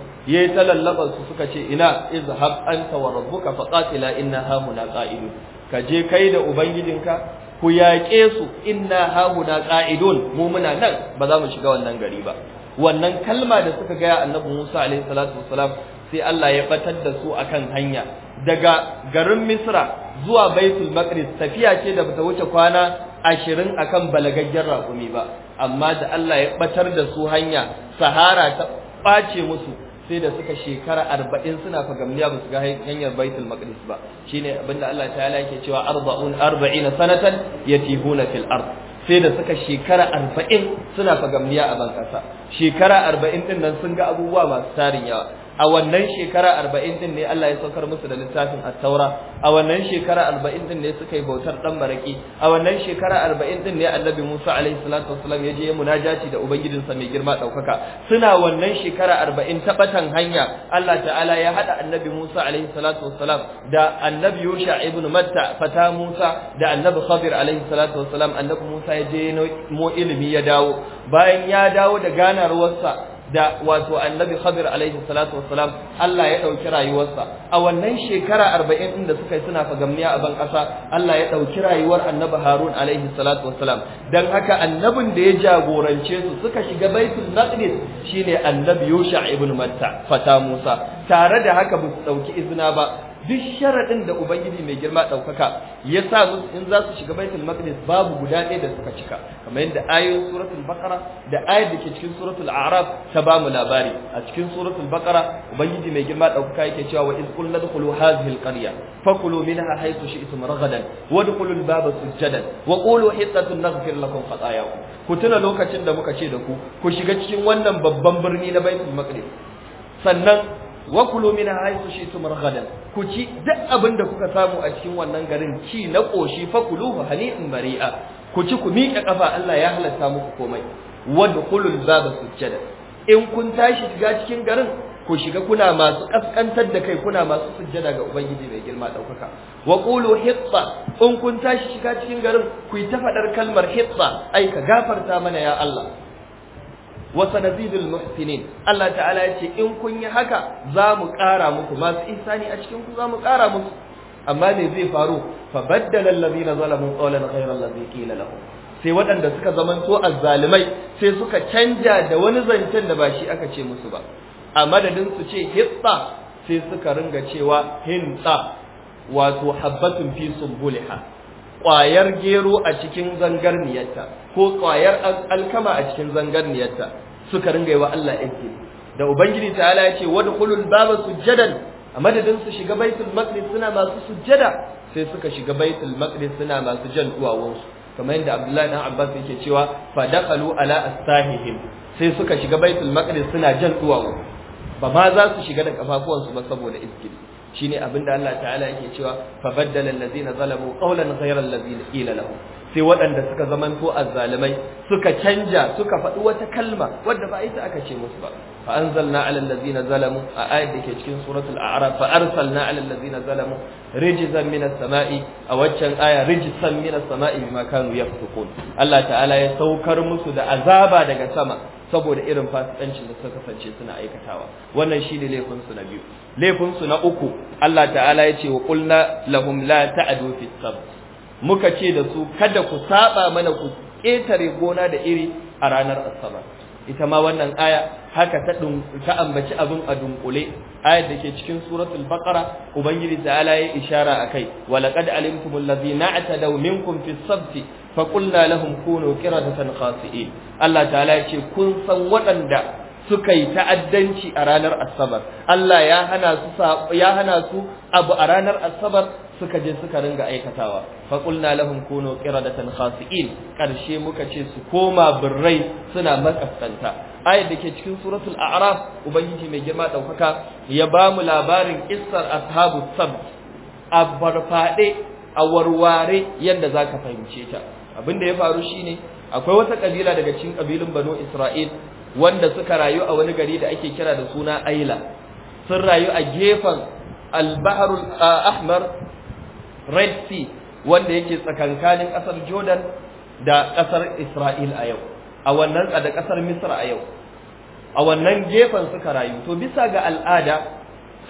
talallaba su suka ce ina izhab anta wa rabbuka fa qatila inna hamuna qa'idun ka je kai da ubangijinka ku yaƙe su inna hauna qa'idun mu muna nan ba za mu shiga wannan gari ba wannan kalma da suka gaya annabi Musa alaihi salatu wassalam sai Allah ya batar da su akan hanya daga garin Misra zuwa Baitul Maqdis tafiya ce da bata wuce kwana 20 akan balagaggen raƙumi ba amma da Allah ya batar da su hanya sahara ta bace musu sai da suka shekara 40 suna fagamniya ba su ga hanyar Baitul Maqdis ba shine abinda Allah ta'ala yake cewa arba'un arba'ina sanatan yatihuna fil ard sai da suka shekara arba'in suna fagamniya a bankasa shekara arba'in din nan sun ga abubuwa masu tarin yawa a wannan shekara arba'in din ne Allah ya saukar musu da littafin at-taura a wannan shekara arba'in din ne suka yi bautar dan baraki a wannan shekara arba'in din ne annabi Musa alaihi salatu wasallam ya je munajaci da ubangijinsa mai girma daukaka suna wannan shekara arba'in ta batan hanya Allah ta'ala ya hada annabi Musa alaihi salatu wasallam da annabi Yusha ibn Matta fata Musa da annabi Khadir alaihi salatu wasallam annabi Musa ya je mu ilimi ya dawo bayan ya dawo da ganarwarsa da wato annabi khadir alaihi salatu wassalam Allah ya dauki rayuwarsa a wannan shekara 40 din da suka yi suna fagamniya a ban kasa Allah ya dauki rayuwar annabi harun alaihi salatu wassalam dan haka annabin da ya jagorance su suka shiga baitul maqdis shine annabi yusha ibn matta fata musa tare da haka ba su dauki izina ba duk ɗin da ubangiji mai girma ɗaukaka ya sa in za su shiga baitul maqdis babu guda ɗaya da suka cika kamar yadda ayoyin suratul baqara da ayar da ke cikin suratul a'raf ta bamu labari a cikin suratul baqara ubangiji mai girma ɗaukaka yake cewa wa idh qulna dkhulu hadhihi alqarya fakulu minha haythu shi'tum ragadan wadkhulu albaba sujadan wa qulu hitatun naghfir lakum khatayakum ku tuna lokacin da muka ce da ku ku shiga cikin wannan babban birni na baitul maqdis sannan wa kulu min haythu shi'tum ragadan ku ci duk abin da kuka samu a cikin wannan garin ci na koshi fa kulu in bari'a. ku ci ku miƙa kafa Allah ya halatta muku komai wadkhulul baba sujjada in kun tashi shiga cikin garin ku shiga kuna masu kaskantar da kai kuna masu sujada ga ubangiji mai girma daukaka wa qulu hitta in kun tashi shiga cikin garin ku yi ta fadar kalmar hitta ai ka gafarta mana ya Allah wa sanazidul muhsinin Allah ta'ala ya in kun yi haka za mu ƙara muku masu ihsani a cikin ku za mu ƙara muku amma me zai faru fa baddala allazina zalamu qawlan ghayra alladhi qila lahum sai waɗanda suka zaman zamanto azzalimai sai suka canja da wani zancen da ba shi aka ce musu ba a madadin su ce hitsa sai suka ringa cewa Hinta, wato habbatun fi sunbulha ƙwayar gero a cikin zangarniyarta ko ƙwayar alkama a cikin zangarniyarta suka ringa yi wa Allah yake da ubangiji ta'ala ya ce wadkhulul baba sujadan a madadin su shiga baitul maqdis suna masu sujjada sai suka shiga baitul maqdis suna masu jan uwawansu. kamar yadda Abdullahi dan Abbas yake cewa fa daqalu ala astahihim sai suka shiga baitul maqdis suna jan duwawu ba ma za su shiga da kafafuwansu ba saboda iskili shine abinda Allah ta'ala yake cewa fa baddala allazina zalamu qawlan ghayra allazi qila lahum sai waɗanda suka zamanto azzalimai suka canja suka faɗi wata kalma wadda ba ita aka ce musu ba fa anzalna ala allazina zalamu a ayat dake cikin suratul a'raf fa arsalna ala allazina zalamu rijzan minas sama'i a waccan aya rijzan minas sama'i bima kanu yafsukun Allah ta'ala ya saukar musu da azaba daga sama saboda irin fasikancin da suka kasance suna aikatawa wannan shine laifin su na biyu laifinsu na uku Allah ta'ala ya ce wa qulna lahum la ta'du fi sabt muka ce da su kada ku saba mana ku ƙetare gona da iri a ranar asabar ita ma wannan aya haka ta ta ambaci abin a dunkule ayar da ke cikin suratul baqara ubangiji ta'ala ya ishara akai wa laqad alimtumul a atadaw minkum fi sabti fa qulna lahum kunu qiradatan khasi'in Allah ta'ala ya ce kun san waɗanda suka yi ta'addanci a ranar asabar Allah ya hana su ya hana su abu a ranar asabar suka je suka ringa aikatawa fa qulna lahum kunu qiradatan khasi'in karshe muka ce su koma birrai suna makasanta ayat da ke cikin suratul a'raf ubangiji mai girma daukaka ya ba mu labarin issar ashabu abbar fade a warware yanda zaka fahimce ta abinda ya faru shine akwai wata kabila daga cikin kabilun banu isra'il wanda suka rayu a wani gari da ake kira da suna aila sun rayu a gefen albaharul ahmar red sea wanda yake tsakankanin kasar jordan da kasar isra'il a yau a wannan da kasar misra a yau a wannan gefen suka rayu to bisa ga al'ada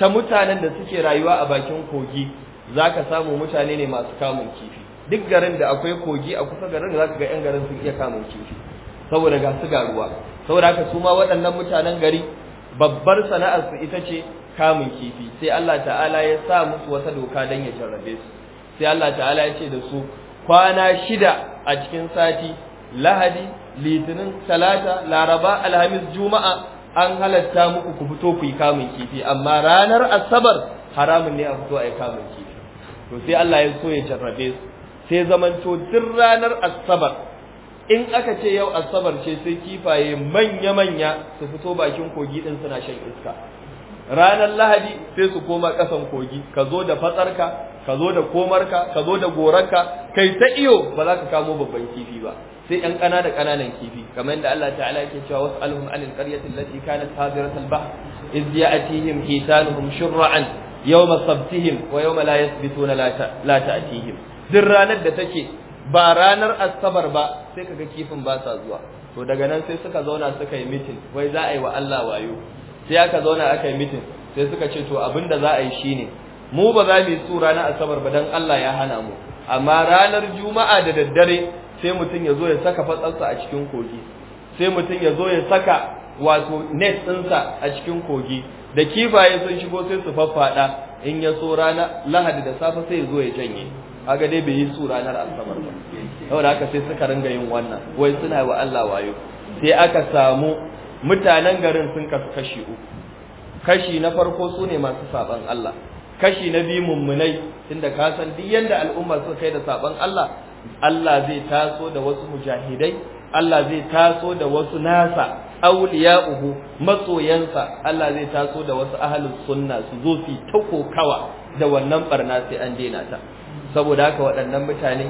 ta mutanen da suke rayuwa a bakin kogi zaka samu mutane ne masu kamun kifi duk garin da akwai kogi a kusa garin zaka ga yan garin sun iya kamun kifi saboda ga su ga ruwa saboda haka su ma waɗannan mutanen gari babbar sana'ar su ita ce kamun kifi sai Allah ta'ala ya sa musu wata doka dan ya jarrabe su sai Allah ta'ala ya ce da su kwana shida a cikin sati lahadi litinin talata laraba alhamis juma'a an halatta muku ku fito ku yi kamun kifi amma ranar asabar haramun ne a fito a yi kamun kifi to sai Allah ya so ya jarrabe su sai zamanto duk ranar asabar in aka ce yau asabar ce sai kifaye manya-manya su fito bakin kogi din suna shan iska ranar lahadi sai su koma ƙasan kogi ka zo da fatsarka ka zo da komarka ka zo da gorarka kai ta iyo ba za ka kamo babban kifi ba sai ƴan ƙana da ƙananan kifi kamar yadda Allah ta'ala yake cewa was'alhum anil qaryati allati kanat hadirat al-bahr iz ya'tihim hitanuhum shur'an yawma sabtihim wa yawma la yasbituna la ta'tihim duk ranar da take ba ranar asabar ba sai kaga kifin ba sa zuwa to daga nan sai suka zauna suka yi mitin wai za a yi wa Allah wayo sai aka zauna aka yi mitin sai suka ce to abinda za a yi shine mu ba za mu yi na ranar asabar ba dan Allah ya hana mu amma ranar juma'a da daddare sai mutum yazo ya saka fatsarsa a cikin kogi sai mutum ya zo ya saka wato net ɗinsa a cikin kogi da kifaye sun shigo sai su faffaɗa in ya so rana lahadi da safe sai ya zo ya janye kaga dai bai yi su ranar asabar ba saboda haka sai suka ringa yin wannan wai suna wa Allah wayo sai aka samu mutanen garin sun kasu kashi uku kashi na farko sune ne masu saban Allah kashi na biyu mummunai tunda ka san duk yanda al'umma suka kai da saban Allah Allah zai taso da wasu mujahidai Allah zai taso da wasu nasa auliya'uhu matsoyansa Allah zai taso da wasu ahlus sunna su zo su ta kokawa da wannan barna sai an daina ta saboda haka waɗannan mutane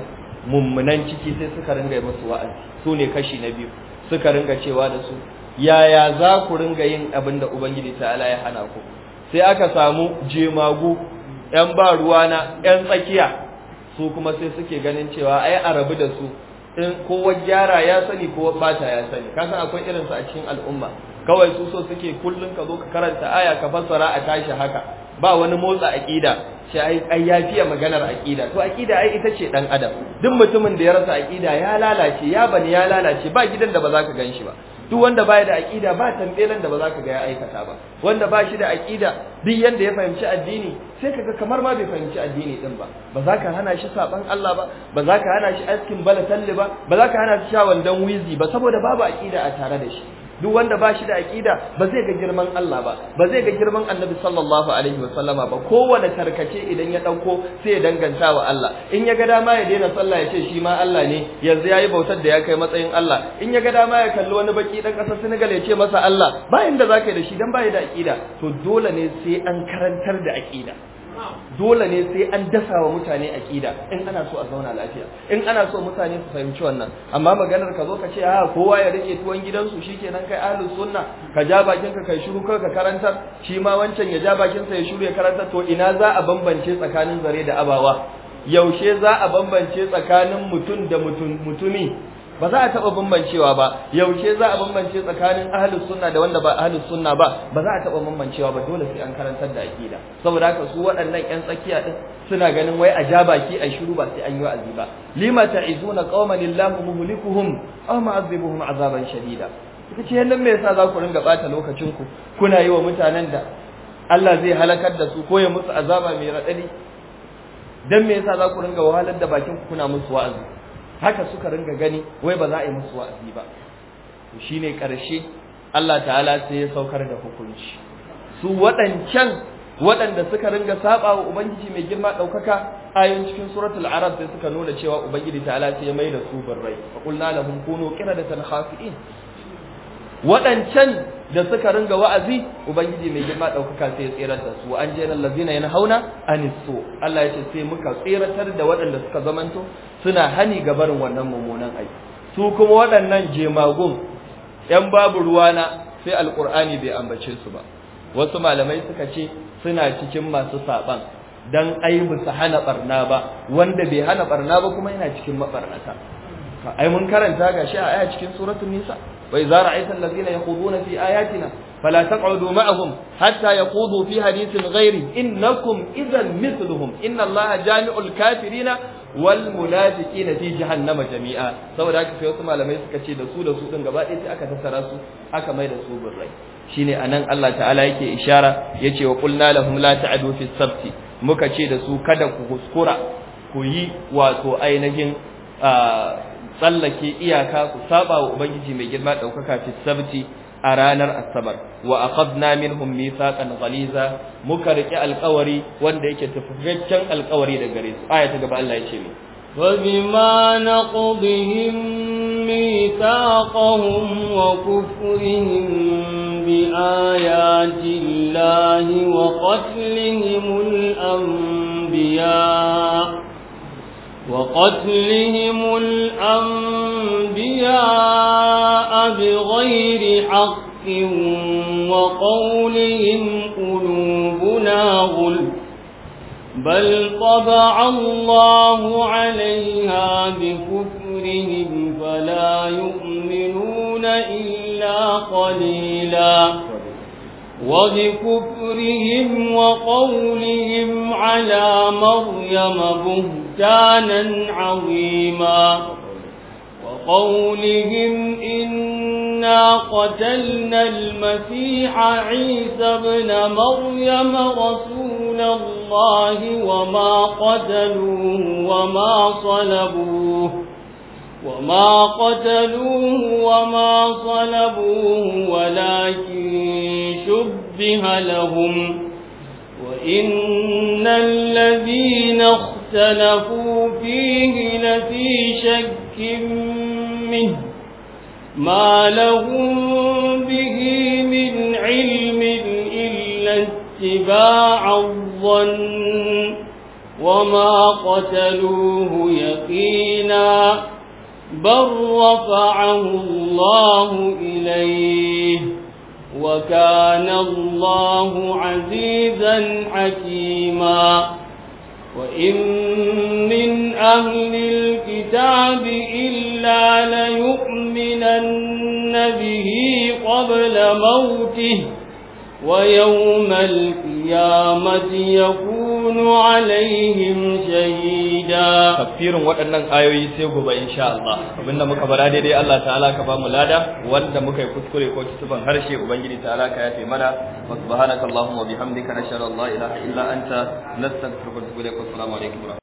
mummunan ciki sai suka ringa musu wa'azi su ne kashi na biyu suka ringa cewa da su yaya za ku ringa yin abin da ubangiji ta'ala ya hana ku sai aka samu jemagu yan ba ruwa na, yan tsakiya su kuma sai suke ganin cewa ai a rabu da su in kowa gyara ya sani kowa bata ya sani kasan akwai irinsu a cikin al'umma kawai su so suke kullun ka zo ka karanta aya ka fassara a tashi haka ba wani motsa aqida shi ai ai ya maganar aƙida. to aƙida ai ita ce dan adam duk mutumin da ya rasa aqida ya lalace ya bani ya lalace ba gidan da ba za ka ganshi ba duk wanda baya da aƙida ba tambelan da ba za ka ga ya aikata ba wanda ba shi da aƙida duk yanda ya fahimci addini sai ka kaga kamar ma bai fahimci addini din ba ba za ka hana shi saban Allah ba ba za ka hana shi askin bala talle ba ba za ka hana shi shawandan wizi ba saboda babu aƙida a tare da shi duk wanda ba shi da aƙida, ba zai ga girman Allah ba ba zai ga girman Annabi sallallahu alaihi wasallama ba kowane tarkace idan ya ɗauko sai ya danganta wa Allah in ya ga dama ya daina sallah ya ce shi ma Allah ne yanzu yi bautar da ya kai matsayin Allah in ya ga dama ya kalli wani baki dan kasar Senegal ya ce masa Allah ba inda zaka yi da shi dan ba da aƙida, to dole ne sai an karantar da aƙida. dole ne sai an dasa wa mutane aƙida in ana so a zauna lafiya in ana so mutane su fahimci wannan amma maganar ka zo ka ce a ah, kowa ya rike tuwon gidansu shikenan kai ahlus sunna ka ja bakin ka kai shiru ka karantar shi ma wancan ya ja bakin sa ya shiru ya karanta to ina za a bambance tsakanin zare da abawa yaushe za a bambance tsakanin mutum da mutumi ba za a taba bambancewa ba yaushe za a bambance tsakanin ahlus sunna da wanda ba ahlus sunna ba ba za a taɓa bambancewa ba dole sai an karantar da aqida saboda haka su waɗannan ƴan tsakiya din suna ganin wai a ja baki a shiru ba sai an yi wa'azi ba lima ta'izuna qauman lillahi muhlikuhum aw ma'azibuhum azaban shadida kuka ce nan me yasa za ku ringa bata lokacin ku kuna yi wa mutanen da Allah zai halakar da su ko ya musu azaba mai raɗaɗi dan me yasa za ku ringa wahalar da bakin ku kuna musu wa'azi haka suka ringa gani wai ba za a yi musu wa'azi ba to shine karshe Allah ta'ala sai ya saukar da hukunci su waɗancan waɗanda suka ringa saba wa ubangiji mai girma ɗaukaka ayoyin cikin suratul arab sai suka nuna cewa ubangiji ta'ala sai ya maida su barrai fa qulna lahum kunu qiradatan khasi'in waɗancan da suka ringa wa'azi ubangiji mai girma ɗaukaka sai ya tsirar da su an jera lazina yana hauna aniso Allah ya ce sai muka tseratar da waɗanda suka zamanto suna hani ga barin wannan mummunan aiki su kuma waɗannan jemagun ‘yan babu ruwana sai alƙur'ani bai ambace su ba wasu malamai suka ce suna cikin masu saɓan dan ai hana ɓarna ba wanda bai hana ɓarna ba kuma yana cikin maɓar'ata. ai mun karanta gashi a aya cikin suratul nisa wa idza ra'aita allazina yaquduna fi ayatina fala taq'udu ma'ahum hatta yaqudu fi hadithin ghairi innakum idhan mithluhum inna allaha jami'ul kafirina wal munafiqina fi jahannama jami'a saboda haka sai wasu malamai suka ce da su da su din gaba ɗaya sai aka tattara su aka mai da su burrai shine anan Allah ta'ala yake ishara yace wa qulna lahum la ta'du fi sabti muka ce da su kada ku kuskura ku yi wato ainihin ah, tsallake iyaka ku saba wa ubangiji mai girma daukaka fi sabti a ranar asabar wa aqadna minhum mithaqan ghaliza muka rike alƙawari wanda yake tafakkacen alƙawari da gare su aya ta gaba Allah ya ce ni وبما نقضهم ميثاقهم وكفرهم بآيات الله وقتلهم الأنبياء وقتلهم الأنبياء بغير حق وقولهم قلوبنا غلب بل طبع الله عليها بكفرهم فلا يؤمنون إلا قليلاً وبكفرهم وقولهم على مريم بهتانا عظيما وقولهم إنا قتلنا المسيح عيسى ابْنَ مريم رسول الله وما قتلوه وما صلبوه وما قتلوه وما صلبوه ولكن شبه لهم وإن الذين اختلفوا فيه لفي شك منه ما لهم به من علم إلا اتباع الظن وما قتلوه يقينا بل رفعه الله إليه وكان الله عزيزا حكيما وإن من أهل الكتاب إلا ليؤمنن به قبل موته ويوم القيامة يكون عليهم شهيدا تفسير waɗannan ayoyi sai gobe insha Allah abinda muka bara daidai Allah ta'ala ka bamu lada wanda muka yi kuskure ko tutuban harshe ubangiji ta'ala ka yafe mana subhanakallahumma wa bihamdika nashhadu an